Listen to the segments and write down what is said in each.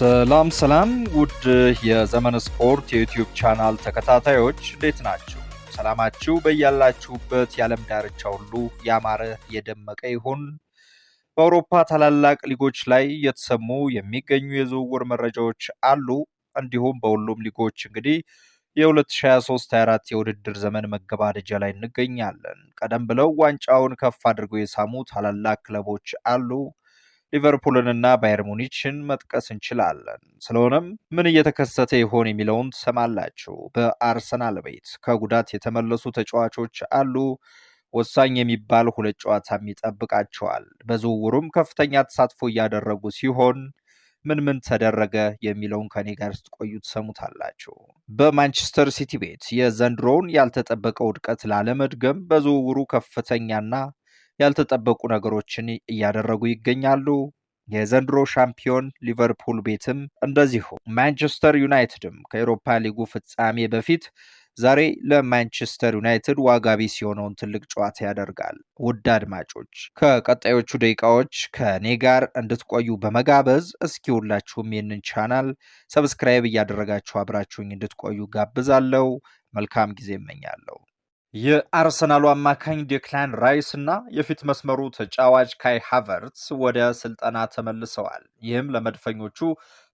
ሰላም ሰላም፣ ውድ የዘመን ስፖርት የዩቲዩብ ቻናል ተከታታዮች እንዴት ናችሁ? ሰላማችሁ በያላችሁበት የዓለም ዳርቻ ሁሉ ያማረ የደመቀ ይሁን። በአውሮፓ ታላላቅ ሊጎች ላይ እየተሰሙ የሚገኙ የዝውውር መረጃዎች አሉ። እንዲሁም በሁሉም ሊጎች እንግዲህ የ2023/24 የውድድር ዘመን መገባደጃ ላይ እንገኛለን። ቀደም ብለው ዋንጫውን ከፍ አድርገው የሳሙ ታላላቅ ክለቦች አሉ። ሊቨርፑልንና ባየር ሙኒችን መጥቀስ እንችላለን። ስለሆነም ምን እየተከሰተ ይሆን የሚለውን ትሰማላችሁ። በአርሰናል ቤት ከጉዳት የተመለሱ ተጫዋቾች አሉ። ወሳኝ የሚባል ሁለት ጨዋታም ይጠብቃቸዋል። በዝውውሩም ከፍተኛ ተሳትፎ እያደረጉ ሲሆን ምን ምን ተደረገ የሚለውን ከኔ ጋር ስትቆዩ ትሰሙታላችሁ። በማንቸስተር ሲቲ ቤት የዘንድሮውን ያልተጠበቀ ውድቀት ላለመድገም በዝውውሩ ከፍተኛና ያልተጠበቁ ነገሮችን እያደረጉ ይገኛሉ። የዘንድሮ ሻምፒዮን ሊቨርፑል ቤትም እንደዚሁ ማንቸስተር ዩናይትድም ከኤሮፓ ሊጉ ፍጻሜ በፊት ዛሬ ለማንቸስተር ዩናይትድ ዋጋ ቢስ የሆነውን ትልቅ ጨዋታ ያደርጋል። ውድ አድማጮች ከቀጣዮቹ ደቂቃዎች ከእኔ ጋር እንድትቆዩ በመጋበዝ እስኪ ሁላችሁም ይህንን ቻናል ሰብስክራይብ እያደረጋችሁ አብራችሁኝ እንድትቆዩ ጋብዛለሁ። መልካም ጊዜ እመኛለሁ። የአርሰናሉ አማካኝ ዴክላን ራይስ እና የፊት መስመሩ ተጫዋች ካይ ሃቨርትስ ወደ ስልጠና ተመልሰዋል። ይህም ለመድፈኞቹ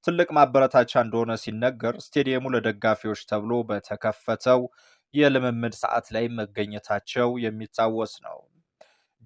ትልቅ ማበረታቻ እንደሆነ ሲነገር፣ ስቴዲየሙ ለደጋፊዎች ተብሎ በተከፈተው የልምምድ ሰዓት ላይ መገኘታቸው የሚታወስ ነው።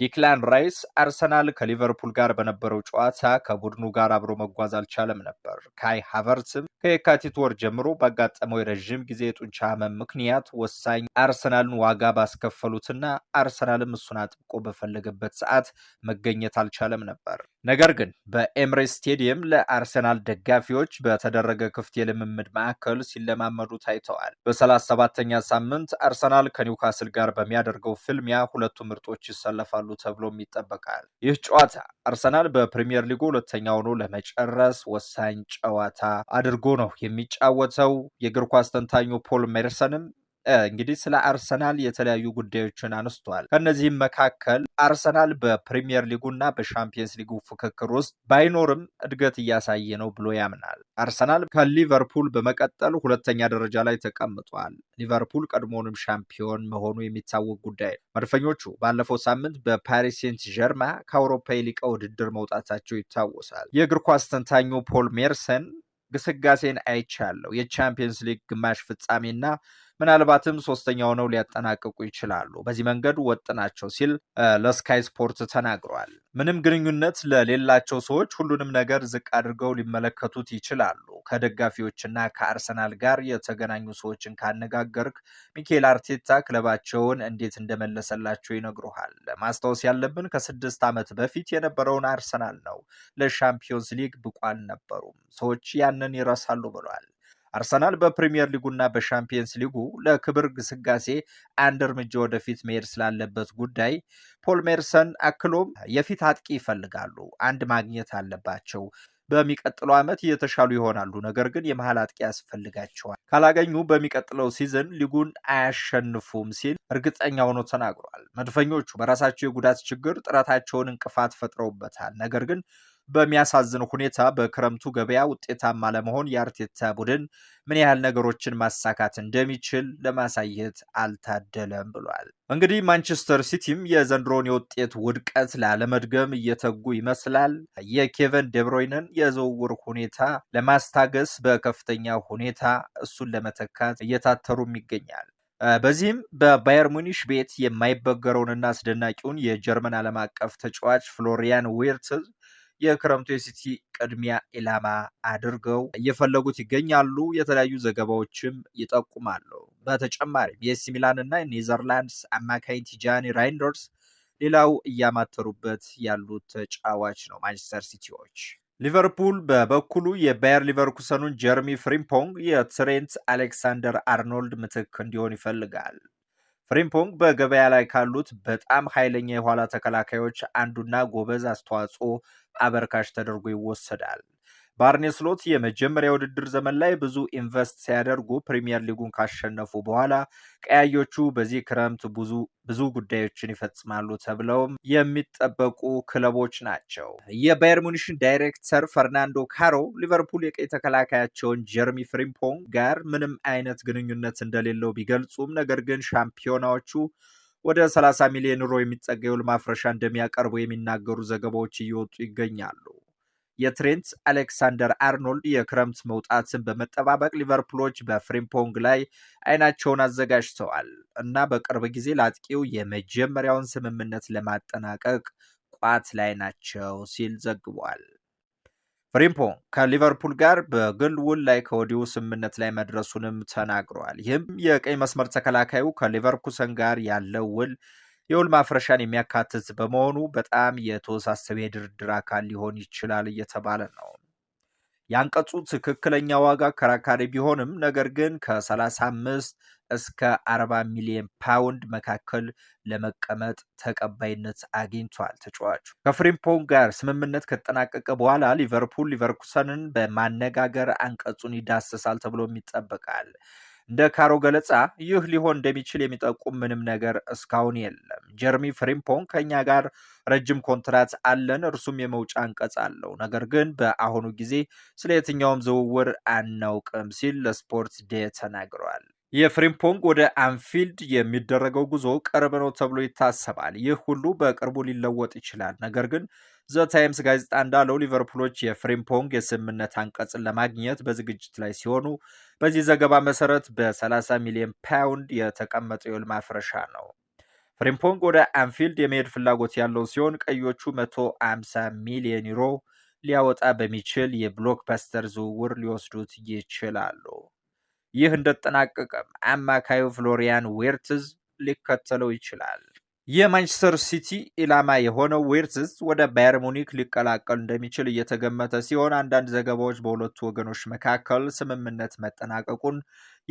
ዲክላን ራይስ አርሰናል ከሊቨርፑል ጋር በነበረው ጨዋታ ከቡድኑ ጋር አብሮ መጓዝ አልቻለም ነበር። ካይ ሃቨርትም ከየካቲት ወር ጀምሮ ባጋጠመው የረዥም ጊዜ የጡንቻ ህመም ምክንያት ወሳኝ አርሰናልን ዋጋ ባስከፈሉትና አርሰናልም እሱን አጥብቆ በፈለገበት ሰዓት መገኘት አልቻለም ነበር። ነገር ግን በኤምሬስ ስቴዲየም ለአርሰናል ደጋፊዎች በተደረገ ክፍት የልምምድ ማዕከል ሲለማመዱ ታይተዋል። በሰላሳ ሰባተኛ ሳምንት አርሰናል ከኒውካስል ጋር በሚያደርገው ፍልሚያ ሁለቱ ምርጦች ይሰለፋሉ ተብሎም ይጠበቃል። ይህ ጨዋታ አርሰናል በፕሪምየር ሊጉ ሁለተኛ ሆኖ ለመጨረስ ወሳኝ ጨዋታ አድርጎ ነው የሚጫወተው። የእግር ኳስ ተንታኙ ፖል ሜርሰንም እንግዲህ ስለ አርሰናል የተለያዩ ጉዳዮችን አነስቷል። ከነዚህም መካከል አርሰናል በፕሪሚየር ሊጉና በሻምፒየንስ ሊጉ ፍክክር ውስጥ ባይኖርም እድገት እያሳየ ነው ብሎ ያምናል። አርሰናል ከሊቨርፑል በመቀጠል ሁለተኛ ደረጃ ላይ ተቀምጧል። ሊቨርፑል ቀድሞውንም ሻምፒዮን መሆኑ የሚታወቅ ጉዳይ ነው። መድፈኞቹ ባለፈው ሳምንት በፓሪስ ሴንት ጀርማ ከአውሮፓ የሊቃ ውድድር መውጣታቸው ይታወሳል። የእግር ኳስ ተንታኙ ፖል ሜርሰን ግስጋሴን አይቻለሁ የቻምፒየንስ ሊግ ግማሽ ፍጻሜና ምናልባትም ሶስተኛ ነው ሊያጠናቅቁ ይችላሉ። በዚህ መንገድ ወጥ ናቸው ሲል ለስካይ ስፖርት ተናግሯል። ምንም ግንኙነት ለሌላቸው ሰዎች ሁሉንም ነገር ዝቅ አድርገው ሊመለከቱት ይችላሉ። ከደጋፊዎችና ከአርሰናል ጋር የተገናኙ ሰዎችን ካነጋገርክ ሚኬል አርቴታ ክለባቸውን እንዴት እንደመለሰላቸው ይነግሩሃል። ማስታወስ ያለብን ከስድስት ዓመት በፊት የነበረውን አርሰናል ነው። ለሻምፒዮንስ ሊግ ብቁ አልነበሩም። ሰዎች ያንን ይረሳሉ ብሏል። አርሰናል በፕሪምየር ሊጉና በሻምፒየንስ ሊጉ ለክብር ግስጋሴ አንድ እርምጃ ወደፊት መሄድ ስላለበት ጉዳይ ፖል ሜርሰን አክሎም የፊት አጥቂ ይፈልጋሉ፣ አንድ ማግኘት አለባቸው። በሚቀጥለው ዓመት እየተሻሉ ይሆናሉ፣ ነገር ግን የመሀል አጥቂ ያስፈልጋቸዋል። ካላገኙ በሚቀጥለው ሲዝን ሊጉን አያሸንፉም ሲል እርግጠኛ ሆኖ ተናግሯል። መድፈኞቹ በራሳቸው የጉዳት ችግር ጥረታቸውን እንቅፋት ፈጥረውበታል፣ ነገር ግን በሚያሳዝን ሁኔታ በክረምቱ ገበያ ውጤታማ ለመሆን የአርቴታ ቡድን ምን ያህል ነገሮችን ማሳካት እንደሚችል ለማሳየት አልታደለም ብሏል። እንግዲህ ማንቸስተር ሲቲም የዘንድሮን የውጤት ውድቀት ላለመድገም እየተጉ ይመስላል። የኬቨን ደብሮይንን የዝውውር ሁኔታ ለማስታገስ በከፍተኛ ሁኔታ እሱን ለመተካት እየታተሩም ይገኛል። በዚህም በባየር ሙኒሽ ቤት የማይበገረውንና አስደናቂውን የጀርመን ዓለም አቀፍ ተጫዋች ፍሎሪያን ዊርትዝ የክረምቱ የሲቲ ቅድሚያ ኢላማ አድርገው እየፈለጉት ይገኛሉ። የተለያዩ ዘገባዎችም ይጠቁማሉ። በተጨማሪም የኤሲ ሚላን እና ኔዘርላንድስ አማካኝ ቲጃኒ ራይንደርስ ሌላው እያማተሩበት ያሉት ተጫዋች ነው። ማንቸስተር ሲቲዎች ሊቨርፑል በበኩሉ የባየር ሊቨርኩሰኑን ጀርሚ ፍሪምፖንግ የትሬንት አሌክሳንደር አርኖልድ ምትክ እንዲሆን ይፈልጋል። ፍሪምፖንግ በገበያ ላይ ካሉት በጣም ኃይለኛ የኋላ ተከላካዮች አንዱና ጎበዝ አስተዋጽኦ አበርካሽ ተደርጎ ይወሰዳል። ባርኔ ስሎት የመጀመሪያ ውድድር ዘመን ላይ ብዙ ኢንቨስት ሲያደርጉ ፕሪሚየር ሊጉን ካሸነፉ በኋላ ቀያዮቹ በዚህ ክረምት ብዙ ብዙ ጉዳዮችን ይፈጽማሉ ተብለውም የሚጠበቁ ክለቦች ናቸው። የባየር ሙኒሽን ዳይሬክተር ፈርናንዶ ካሮ ሊቨርፑል የቀኝ ተከላካያቸውን ጀርሚ ፍሪምፖንግ ጋር ምንም አይነት ግንኙነት እንደሌለው ቢገልጹም ነገር ግን ሻምፒዮናዎቹ ወደ 30 ሚሊዮን ዩሮ የሚጠጋ የውል ማፍረሻ እንደሚያቀርቡ የሚናገሩ ዘገባዎች እየወጡ ይገኛሉ። የትሬንት አሌክሳንደር አርኖልድ የክረምት መውጣትን በመጠባበቅ ሊቨርፑሎች በፍሪምፖንግ ላይ አይናቸውን አዘጋጅተዋል እና በቅርብ ጊዜ ለአጥቂው የመጀመሪያውን ስምምነት ለማጠናቀቅ ቋት ላይ ናቸው ሲል ዘግቧል። ፍሪምፖ ከሊቨርፑል ጋር በግል ውል ላይ ከወዲሁ ስምምነት ላይ መድረሱንም ተናግረዋል። ይህም የቀኝ መስመር ተከላካዩ ከሊቨርኩሰን ጋር ያለው ውል የውል ማፍረሻን የሚያካትት በመሆኑ በጣም የተወሳሰበ የድርድር አካል ሊሆን ይችላል እየተባለ ነው። የአንቀጹ ትክክለኛ ዋጋ ከራካሪ ቢሆንም ነገር ግን ከ35 እስከ 40 ሚሊዮን ፓውንድ መካከል ለመቀመጥ ተቀባይነት አግኝቷል። ተጫዋቹ ከፍሪምፖን ጋር ስምምነት ከተጠናቀቀ በኋላ ሊቨርፑል ሊቨርኩሰንን በማነጋገር አንቀጹን ይዳስሳል ተብሎም ይጠበቃል። እንደ ካሮ ገለጻ ይህ ሊሆን እንደሚችል የሚጠቁም ምንም ነገር እስካሁን የለም። ጀርሚ ፍሪምፖን ከኛ ጋር ረጅም ኮንትራት አለን፣ እርሱም የመውጫ አንቀጽ አለው። ነገር ግን በአሁኑ ጊዜ ስለ የትኛውም ዝውውር አናውቅም ሲል ለስፖርት ዴ ተናግረዋል። የፍሪምፖንግ ወደ አንፊልድ የሚደረገው ጉዞ ቅርብ ነው ተብሎ ይታሰባል። ይህ ሁሉ በቅርቡ ሊለወጥ ይችላል። ነገር ግን ዘ ታይምስ ጋዜጣ እንዳለው ሊቨርፑሎች የፍሪምፖንግ የስምምነት አንቀጽን ለማግኘት በዝግጅት ላይ ሲሆኑ በዚህ ዘገባ መሰረት በ30 ሚሊዮን ፓውንድ የተቀመጠው የውል ማፍረሻ ነው። ፍሪምፖንግ ወደ አንፊልድ የመሄድ ፍላጎት ያለው ሲሆን ቀዮቹ 150 ሚሊዮን ዩሮ ሊያወጣ በሚችል የብሎክበስተር ዝውውር ሊወስዱት ይችላሉ። ይህ እንደጠናቀቀም አማካዩ ፍሎሪያን ዌርትዝ ሊከተለው ይችላል። የማንቸስተር ሲቲ ኢላማ የሆነው ዌርትዝ ወደ ባየር ሙኒክ ሊቀላቀል እንደሚችል እየተገመተ ሲሆን አንዳንድ ዘገባዎች በሁለቱ ወገኖች መካከል ስምምነት መጠናቀቁን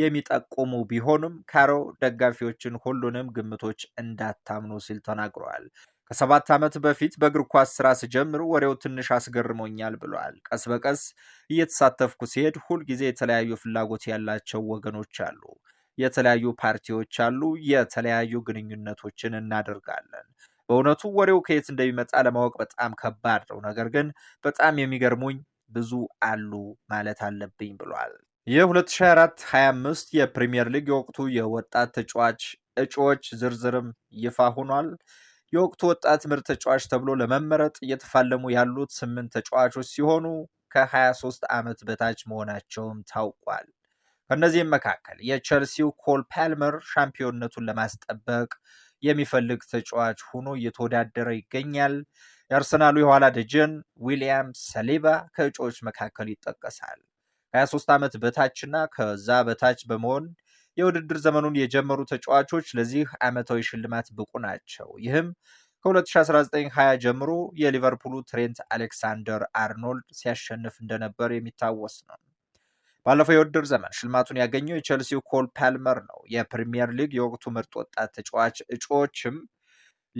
የሚጠቁሙ ቢሆንም ካሮ ደጋፊዎችን ሁሉንም ግምቶች እንዳታምኑ ሲል ተናግረዋል። ከሰባት ዓመት በፊት በእግር ኳስ ስራ ስጀምር ወሬው ትንሽ አስገርሞኛል ብሏል። ቀስ በቀስ እየተሳተፍኩ ሲሄድ ሁልጊዜ የተለያዩ ፍላጎት ያላቸው ወገኖች አሉ፣ የተለያዩ ፓርቲዎች አሉ፣ የተለያዩ ግንኙነቶችን እናደርጋለን። በእውነቱ ወሬው ከየት እንደሚመጣ ለማወቅ በጣም ከባድ ነው። ነገር ግን በጣም የሚገርሙኝ ብዙ አሉ ማለት አለብኝ ብሏል። የ2024-25 የፕሪምየር ሊግ የወቅቱ የወጣት ተጫዋች እጩዎች ዝርዝርም ይፋ ሆኗል። የወቅቱ ወጣት ምርጥ ተጫዋች ተብሎ ለመመረጥ እየተፋለሙ ያሉት ስምንት ተጫዋቾች ሲሆኑ ከ23 ዓመት በታች መሆናቸውም ታውቋል። ከእነዚህም መካከል የቸልሲው ኮል ፓልመር ሻምፒዮንነቱን ለማስጠበቅ የሚፈልግ ተጫዋች ሆኖ እየተወዳደረ ይገኛል። የአርሰናሉ የኋላ ደጀን ዊሊያም ሰሌባ ከእጩዎች መካከል ይጠቀሳል። ከ23 ዓመት በታችና ከዛ በታች በመሆን የውድድር ዘመኑን የጀመሩ ተጫዋቾች ለዚህ ዓመታዊ ሽልማት ብቁ ናቸው። ይህም ከ2019/20 ጀምሮ የሊቨርፑሉ ትሬንት አሌክሳንደር አርኖልድ ሲያሸንፍ እንደነበር የሚታወስ ነው። ባለፈው የውድድር ዘመን ሽልማቱን ያገኘው የቼልሲው ኮል ፓልመር ነው። የፕሪሚየር ሊግ የወቅቱ ምርጥ ወጣት ተጫዋች እጩዎችም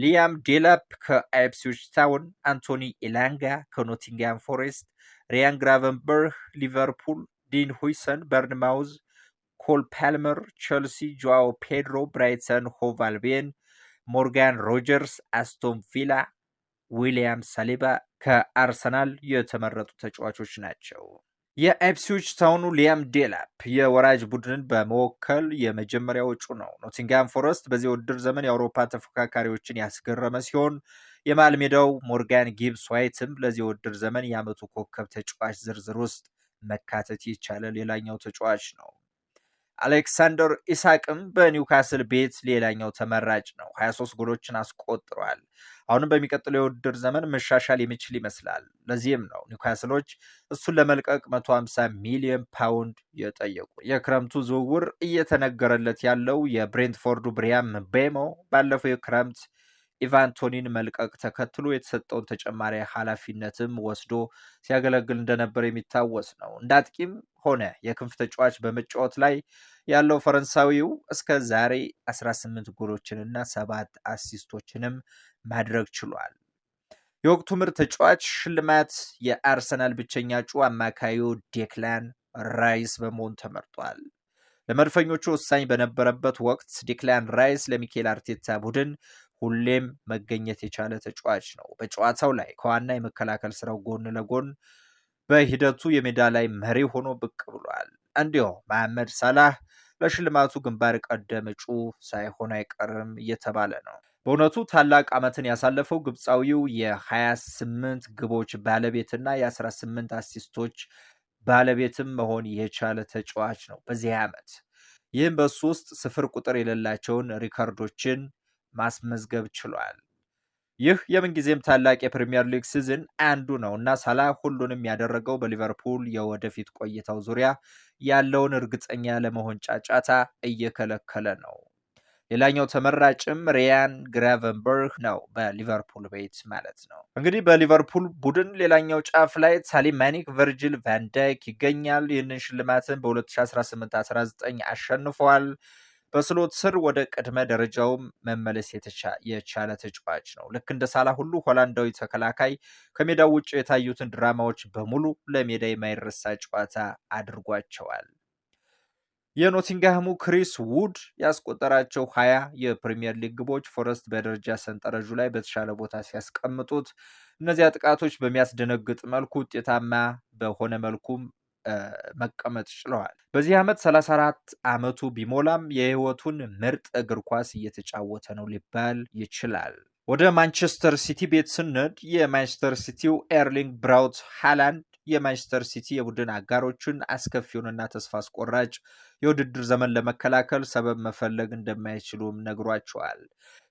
ሊያም ዴላፕ ከአይፕሲዎች ታውን፣ አንቶኒ ኢላንጋ ከኖቲንግያም ፎሬስት፣ ሪያን ግራቨንበርህ ሊቨርፑል፣ ዲን ሁይሰን በርንማውዝ ኮል ፓልመር፣ ቸልሲ፣ ጆዋው ፔድሮ፣ ብራይተን ሆቭ ሞርጋን ሮጀርስ፣ አስቶን ቪላ፣ ዊሊያም ሳሊባ ከአርሰናል የተመረጡ ተጫዋቾች ናቸው። የኤፕሲዎች ታውኑ ሊያም ዴላፕ የወራጅ ቡድንን በመወከል የመጀመሪያ ውጩ ነው። ኖቲንግሃም ፎረስት በዚህ ውድድር ዘመን የአውሮፓ ተፎካካሪዎችን ያስገረመ ሲሆን የመሃል ሜዳው ሞርጋን ጊብስ ዋይትም ለዚህ ውድድር ዘመን የዓመቱ ኮከብ ተጫዋች ዝርዝር ውስጥ መካተት የቻለ ሌላኛው ተጫዋች ነው። አሌክሳንደር ኢሳቅም በኒውካስል ቤት ሌላኛው ተመራጭ ነው። 23 ጎሎችን አስቆጥሯል። አሁንም በሚቀጥለው የውድድር ዘመን መሻሻል የሚችል ይመስላል። ለዚህም ነው ኒውካስሎች እሱን ለመልቀቅ 150 ሚሊዮን ፓውንድ የጠየቁ። የክረምቱ ዝውውር እየተነገረለት ያለው የብሬንትፎርዱ ብሪያም ቤሞ ባለፈው የክረምት ቶኒን መልቀቅ ተከትሎ የተሰጠውን ተጨማሪ ኃላፊነትም ወስዶ ሲያገለግል እንደነበር የሚታወስ ነው። እንደ አጥቂም ሆነ የክንፍ ተጫዋች በመጫወት ላይ ያለው ፈረንሳዊው እስከ ዛሬ 18 ጎሎችንና ሰባት አሲስቶችንም ማድረግ ችሏል። የወቅቱ ምርጥ ተጫዋች ሽልማት የአርሰናል ብቸኛ እጩ አማካዩ ዴክላን ራይስ በመሆን ተመርጧል። ለመድፈኞቹ ወሳኝ በነበረበት ወቅት ዲክላን ራይስ ለሚኬል አርቴታ ቡድን ሁሌም መገኘት የቻለ ተጫዋች ነው። በጨዋታው ላይ ከዋና የመከላከል ስራው ጎን ለጎን በሂደቱ የሜዳ ላይ መሪ ሆኖ ብቅ ብሏል። እንዲሁ መሐመድ ሰላህ ለሽልማቱ ግንባር ቀደም እጩ ሳይሆን አይቀርም እየተባለ ነው። በእውነቱ ታላቅ ዓመትን ያሳለፈው ግብፃዊው የ28 ግቦች ባለቤትና የ18 አሲስቶች ባለቤትም መሆን የቻለ ተጫዋች ነው በዚህ ዓመት። ይህም በሱ ውስጥ ስፍር ቁጥር የሌላቸውን ሪከርዶችን ማስመዝገብ ችሏል። ይህ የምንጊዜም ታላቅ የፕሪምየር ሊግ ሲዝን አንዱ ነው እና ሳላ ሁሉንም ያደረገው በሊቨርፑል የወደፊት ቆይታው ዙሪያ ያለውን እርግጠኛ ለመሆን ጫጫታ እየከለከለ ነው። ሌላኛው ተመራጭም ሪያን ግራቨንበርግ ነው፣ በሊቨርፑል ቤት ማለት ነው። እንግዲህ በሊቨርፑል ቡድን ሌላኛው ጫፍ ላይ ሳሊ ማኒክ፣ ቨርጅል ቫንዳይክ ይገኛል። ይህንን ሽልማትን በ2018/19 19 በስሎት ስር ወደ ቅድመ ደረጃው መመለስ የቻለ ተጫዋች ነው። ልክ እንደ ሳላ ሁሉ ሆላንዳዊ ተከላካይ ከሜዳው ውጭ የታዩትን ድራማዎች በሙሉ ለሜዳ የማይረሳ ጨዋታ አድርጓቸዋል። የኖቲንግሃሙ ክሪስ ውድ ያስቆጠራቸው ሀያ የፕሪምየር ሊግ ግቦች ፎረስት በደረጃ ሰንጠረዡ ላይ በተሻለ ቦታ ሲያስቀምጡት እነዚያ ጥቃቶች በሚያስደነግጥ መልኩ ውጤታማ በሆነ መልኩም መቀመጥ ችለዋል። በዚህ ዓመት 34 ዓመቱ ቢሞላም የህይወቱን ምርጥ እግር ኳስ እየተጫወተ ነው ሊባል ይችላል። ወደ ማንቸስተር ሲቲ ቤት ስንድ የማንቸስተር ሲቲው ኤርሊንግ ብራውት ሃላንድ የማንቸስተር ሲቲ የቡድን አጋሮችን አስከፊውንና ተስፋ አስቆራጭ የውድድር ዘመን ለመከላከል ሰበብ መፈለግ እንደማይችሉም ነግሯቸዋል።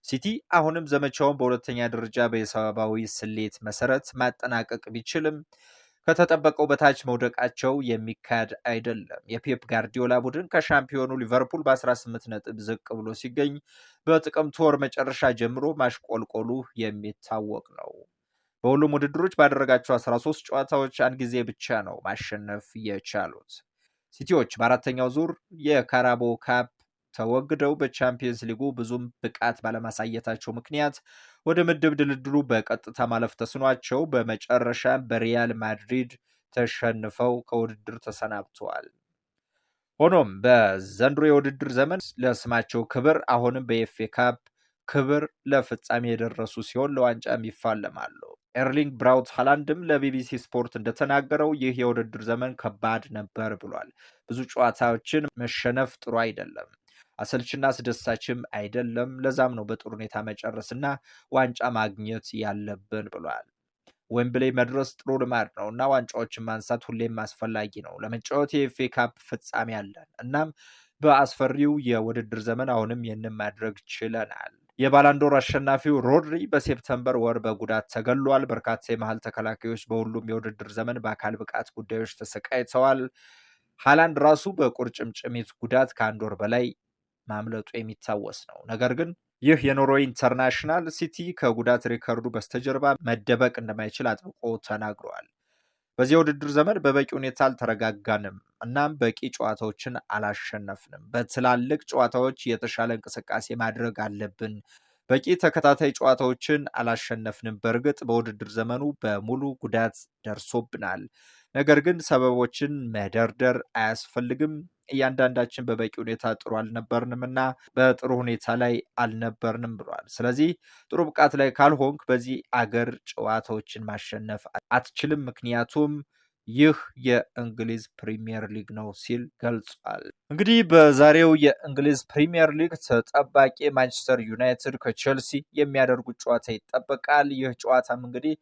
ሲቲ አሁንም ዘመቻውን በሁለተኛ ደረጃ በሂሳባዊ ስሌት መሰረት ማጠናቀቅ ቢችልም ከተጠበቀው በታች መውደቃቸው የሚካድ አይደለም። የፔፕ ጋርዲዮላ ቡድን ከሻምፒዮኑ ሊቨርፑል በ18 ነጥብ ዝቅ ብሎ ሲገኝ በጥቅምት ወር መጨረሻ ጀምሮ ማሽቆልቆሉ የሚታወቅ ነው። በሁሉም ውድድሮች ባደረጋቸው 13 ጨዋታዎች አንድ ጊዜ ብቻ ነው ማሸነፍ የቻሉት። ሲቲዎች በአራተኛው ዙር የካራቦ ካፕ ተወግደው በቻምፒየንስ ሊጉ ብዙም ብቃት ባለማሳየታቸው ምክንያት ወደ ምድብ ድልድሉ በቀጥታ ማለፍ ተስኗቸው በመጨረሻ በሪያል ማድሪድ ተሸንፈው ከውድድር ተሰናብተዋል። ሆኖም በዘንድሮ የውድድር ዘመን ለስማቸው ክብር አሁንም በኤፌ ካፕ ክብር ለፍጻሜ የደረሱ ሲሆን ለዋንጫም ይፋለማሉ። ኤርሊንግ ብራውት ሃላንድም ለቢቢሲ ስፖርት እንደተናገረው ይህ የውድድር ዘመን ከባድ ነበር ብሏል። ብዙ ጨዋታዎችን መሸነፍ ጥሩ አይደለም። አሰልችና አስደሳችም አይደለም። ለዛም ነው በጥሩ ሁኔታ መጨረስና ዋንጫ ማግኘት ያለብን ብሏል። ዌምብሌ መድረስ ጥሩ ልማድ ነው እና ዋንጫዎችን ማንሳት ሁሌም አስፈላጊ ነው። ለመጫወት የኤፍኤ ካፕ ፍጻሜ አለን። እናም በአስፈሪው የውድድር ዘመን አሁንም ይህንን ማድረግ ችለናል። የባላንዶር አሸናፊው ሮድሪ በሴፕተምበር ወር በጉዳት ተገሏል። በርካታ የመሀል ተከላካዮች በሁሉም የውድድር ዘመን በአካል ብቃት ጉዳዮች ተሰቃይተዋል። ሃላንድ ራሱ በቁርጭምጭሚት ጉዳት ከአንድ ወር በላይ ማምለጡ የሚታወስ ነው። ነገር ግን ይህ የኖርዌይ ኢንተርናሽናል ሲቲ ከጉዳት ሪከርዱ በስተጀርባ መደበቅ እንደማይችል አጥብቆ ተናግረዋል። በዚህ የውድድር ዘመን በበቂ ሁኔታ አልተረጋጋንም፣ እናም በቂ ጨዋታዎችን አላሸነፍንም። በትላልቅ ጨዋታዎች የተሻለ እንቅስቃሴ ማድረግ አለብን። በቂ ተከታታይ ጨዋታዎችን አላሸነፍንም። በእርግጥ በውድድር ዘመኑ በሙሉ ጉዳት ደርሶብናል። ነገር ግን ሰበቦችን መደርደር አያስፈልግም። እያንዳንዳችን በበቂ ሁኔታ ጥሩ አልነበርንም እና በጥሩ ሁኔታ ላይ አልነበርንም ብሏል። ስለዚህ ጥሩ ብቃት ላይ ካልሆንክ በዚህ አገር ጨዋታዎችን ማሸነፍ አትችልም፣ ምክንያቱም ይህ የእንግሊዝ ፕሪሚየር ሊግ ነው ሲል ገልጿል። እንግዲህ በዛሬው የእንግሊዝ ፕሪሚየር ሊግ ተጠባቂ ማንቸስተር ዩናይትድ ከቼልሲ የሚያደርጉት ጨዋታ ይጠበቃል። ይህ ጨዋታም እንግዲህ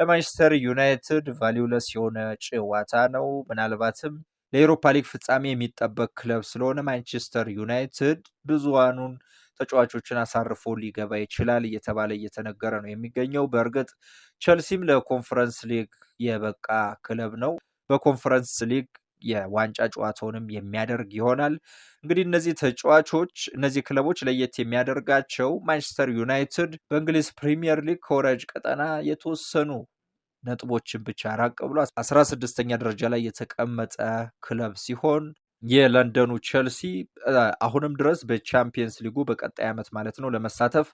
ለማንቸስተር ዩናይትድ ቫሊውለስ የሆነ ጨዋታ ነው። ምናልባትም ለኤሮፓ ሊግ ፍጻሜ የሚጠበቅ ክለብ ስለሆነ ማንቸስተር ዩናይትድ ብዙሃኑን ተጫዋቾችን አሳርፎ ሊገባ ይችላል እየተባለ እየተነገረ ነው የሚገኘው። በእርግጥ ቸልሲም ለኮንፈረንስ ሊግ የበቃ ክለብ ነው። በኮንፈረንስ ሊግ የዋንጫ ጨዋታውንም የሚያደርግ ይሆናል። እንግዲህ እነዚህ ተጫዋቾች እነዚህ ክለቦች ለየት የሚያደርጋቸው ማንቸስተር ዩናይትድ በእንግሊዝ ፕሪሚየር ሊግ ከወራጅ ቀጠና የተወሰኑ ነጥቦችን ብቻ ራቅ ብሎ አስራ ስድስተኛ ደረጃ ላይ የተቀመጠ ክለብ ሲሆን የለንደኑ ቼልሲ አሁንም ድረስ በቻምፒየንስ ሊጉ በቀጣይ ዓመት ማለት ነው ለመሳተፍ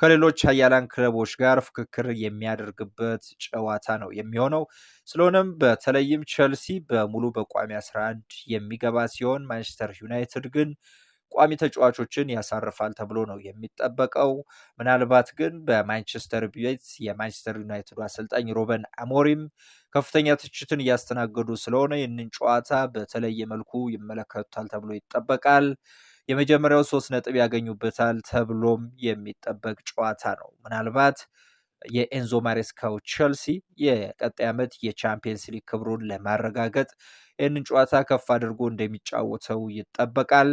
ከሌሎች ሀያላን ክለቦች ጋር ፍክክር የሚያደርግበት ጨዋታ ነው የሚሆነው። ስለሆነም በተለይም ቸልሲ በሙሉ በቋሚ 11 የሚገባ ሲሆን ማንቸስተር ዩናይትድ ግን ቋሚ ተጫዋቾችን ያሳርፋል ተብሎ ነው የሚጠበቀው። ምናልባት ግን በማንቸስተር ቤት የማንቸስተር ዩናይትዱ አሰልጣኝ ሮበን አሞሪም ከፍተኛ ትችትን እያስተናገዱ ስለሆነ ይህንን ጨዋታ በተለየ መልኩ ይመለከቱታል ተብሎ ይጠበቃል። የመጀመሪያው ሶስት ነጥብ ያገኙበታል ተብሎም የሚጠበቅ ጨዋታ ነው። ምናልባት የኤንዞ ማሬስካው ቸልሲ የቀጣይ ዓመት የቻምፒየንስ ሊግ ክብሩን ለማረጋገጥ ይህንን ጨዋታ ከፍ አድርጎ እንደሚጫወተው ይጠበቃል።